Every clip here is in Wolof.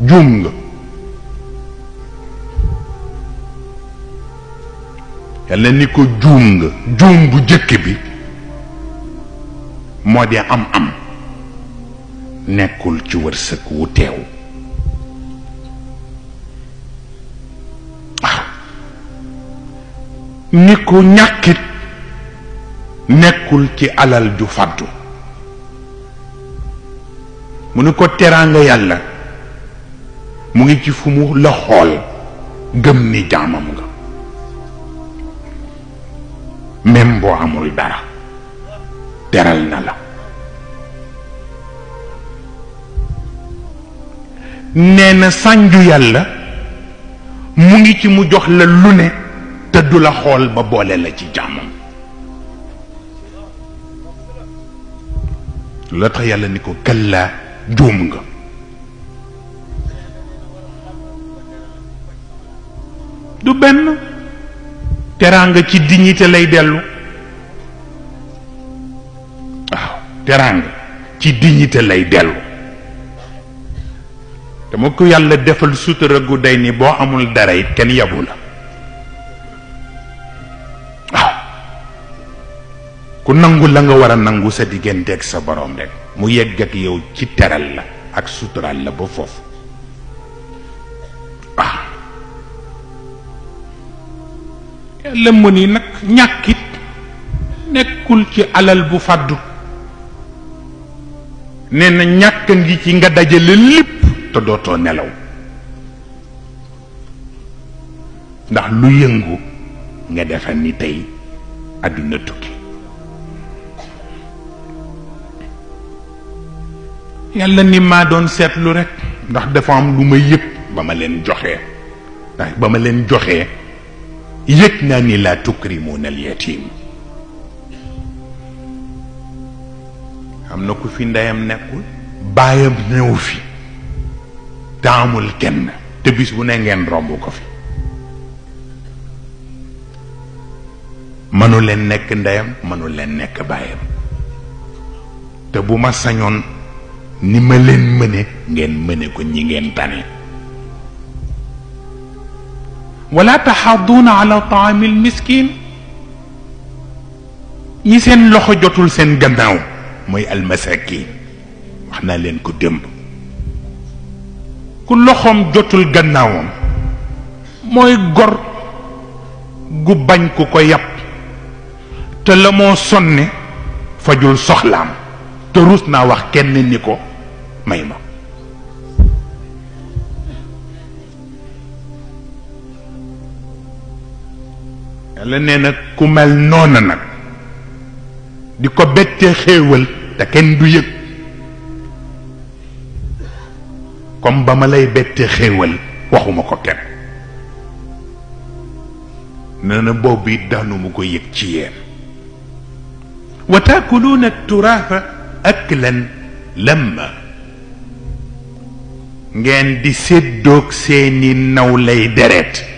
juum nga yàlla ni ko juum nga juum bu jëkk bi moo di am am nekkul ci wërsëg wu teew waaw ni ko ñàkkit nekkul ci alal ju fàddu mu ni ko teraanga yàlla mu ngi ci fu mu la xool gëm ni jaamam nga même boo amul dara teral na la nee na sànju yàlla mu ngi ci mu jox la lu ne te du la xool ba boole la ci jaamam la tax yàlla ni ko kallaa juum nga du ben teranga ci dignité lay delu ah teranga ci dignité lay delu te moko yalla defal sutura gu day ni boo amul dara it ken yabula ah ku nangul la nga wara nangou nangu sa digganteeg sa borom rek mu yegg ak yow ci teral la ak sutural la bo fofu yàlla mu ni nag ñàkkit nekkul ci alal bu fàddu nee na ñàkk ngi ci nga dajale lépp te dootoo nelaw ndax lu yëngu nga defal ni tey àdduna tukki yàlla ni maa doon seetlu rekk ndax dafa am lu ma yëg ba ma leen joxe ndax ba ma leen joxee yëg naa ni laa tukrimuuna al yatim am na ku fi ndeyam nekkul baayam ñëw fi taamul kenn te bis bu ne ngeen romb ko fi mënu nekk ndeyam mënu leen nekk baayam te bu ma sañoon ni ma leen mëne ngeen mëne ko ñi ngeen tane ولا تحاضون على طعام المسكين يسن لخو جوتول سن غناو موي المساكين وحنا لين كو ديم كو لخوم جوتول غناو موي غور غو باغ كو كو ياب تا لامو سوني فاجول سوخلام تا واخ كين نيكو مايماكو yàlla nee na ku mel noona nag di ko bettee xéewal te du yëg comme ba lay bettee xéewal waxuma ko kenn nee na boobu mu ko yëg ci yéen wa taakuluuna turaatha aklan lamma ngeen di séddoog seeni naw lay deret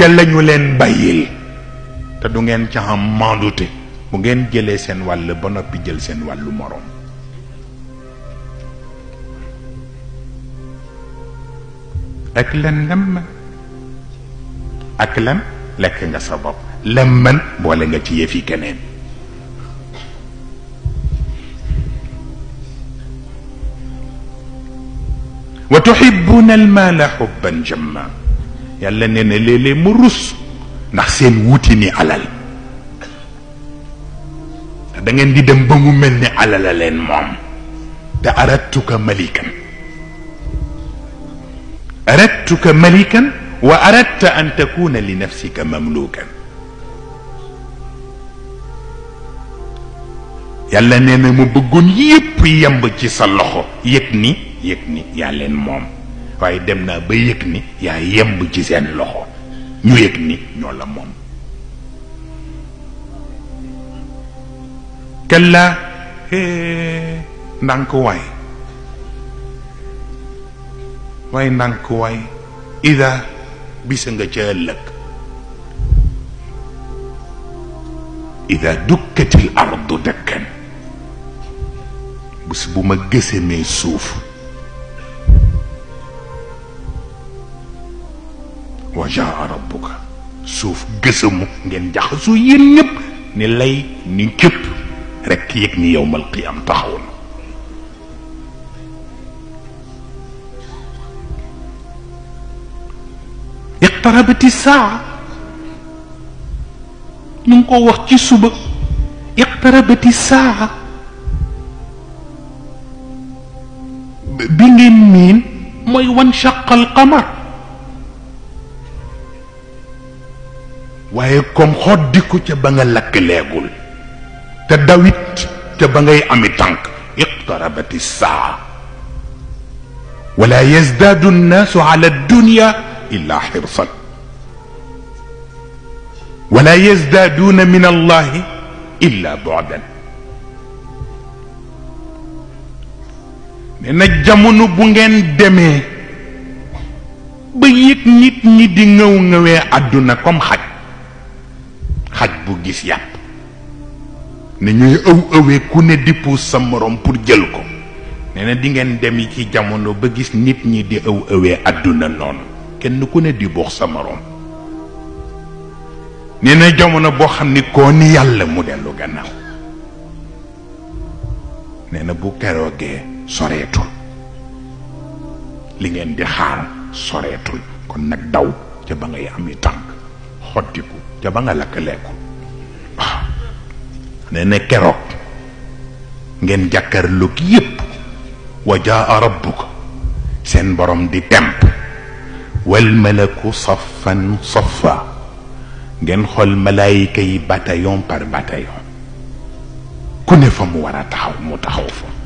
te lañu leen bàyyil te du ngeen ca am mandute bu ngeen jëlee seen wàll ba noppi jël seen wàllu moroom ak lan lamman ak lan lekk nga sa bopp lamman boole nga ci yëfi keneen wa tuhibbuna almaala xubban jamma yàlla nee na leeg mu rus ndax seen wuti ni alal da ngeen di dem ba mu melni ni alal la leen moom aradtuka malikan aradtuka malikan wa aradta an takuna li nafsika mamlukan yàlla nee mu bëggoon yep yamb ci sa loxo yëg ni yëg ni yaa leen moom waaye dem naa ba yëg ni yaa yemb ci seen loxo ñu yëg ni ñoo la moom kalla ndànk waay waaye ndànk waay ida bisa nga ca ëllëg ida dukkatil ardu dëkkan bés bu ma gësemee suuf wa jaa rabbuka suuf gësamu ngeen jaxasoo yéen ñëpp ni lay ni képp rekk yëg ni yowmal qiyaam taxaw na iqtarabati saa ñu ngi ko wax ci suba iqtarabati saa bi ngeen miin mooy wan shaqal qamar waaye comme xoddi ko ca ba nga lakk leegul te dawit te ba ngay ami tànk iqtarabati saa wala yazdaadu annaasu ala dunya illa xirsan wala yazdaaduna min allahi illa bu'dan nee na jamono bu ngeen demee ba yit nit ñi di ngëw ngëwee àdduna comme xaj xaj bu gis yàpp ne ñuy ëw ëwee ku ne di puus sa morom pour jël ko nee na dingeen ngeen dem ci jamono ba gis nit ñi di ëw ëwee àdduna noonu kenn ku ne di buux sa morom nee na jamono boo xam ni koo ni yàlla mu dellu gannaaw nee na bu keroogee soreetul li ngeen di xaar soreetul kon nag daw ca ba ngay am i tànk xottiku ca ba nga lakk lekku waaw nee na keroog ngeen jàkkarloog yépp wa jaa rabbuka seen borom di temp wal malaku saffan saffa ngeen xol malaayika yi bataillon par bataillon ku ne fa wara taxaw mu taxaw fa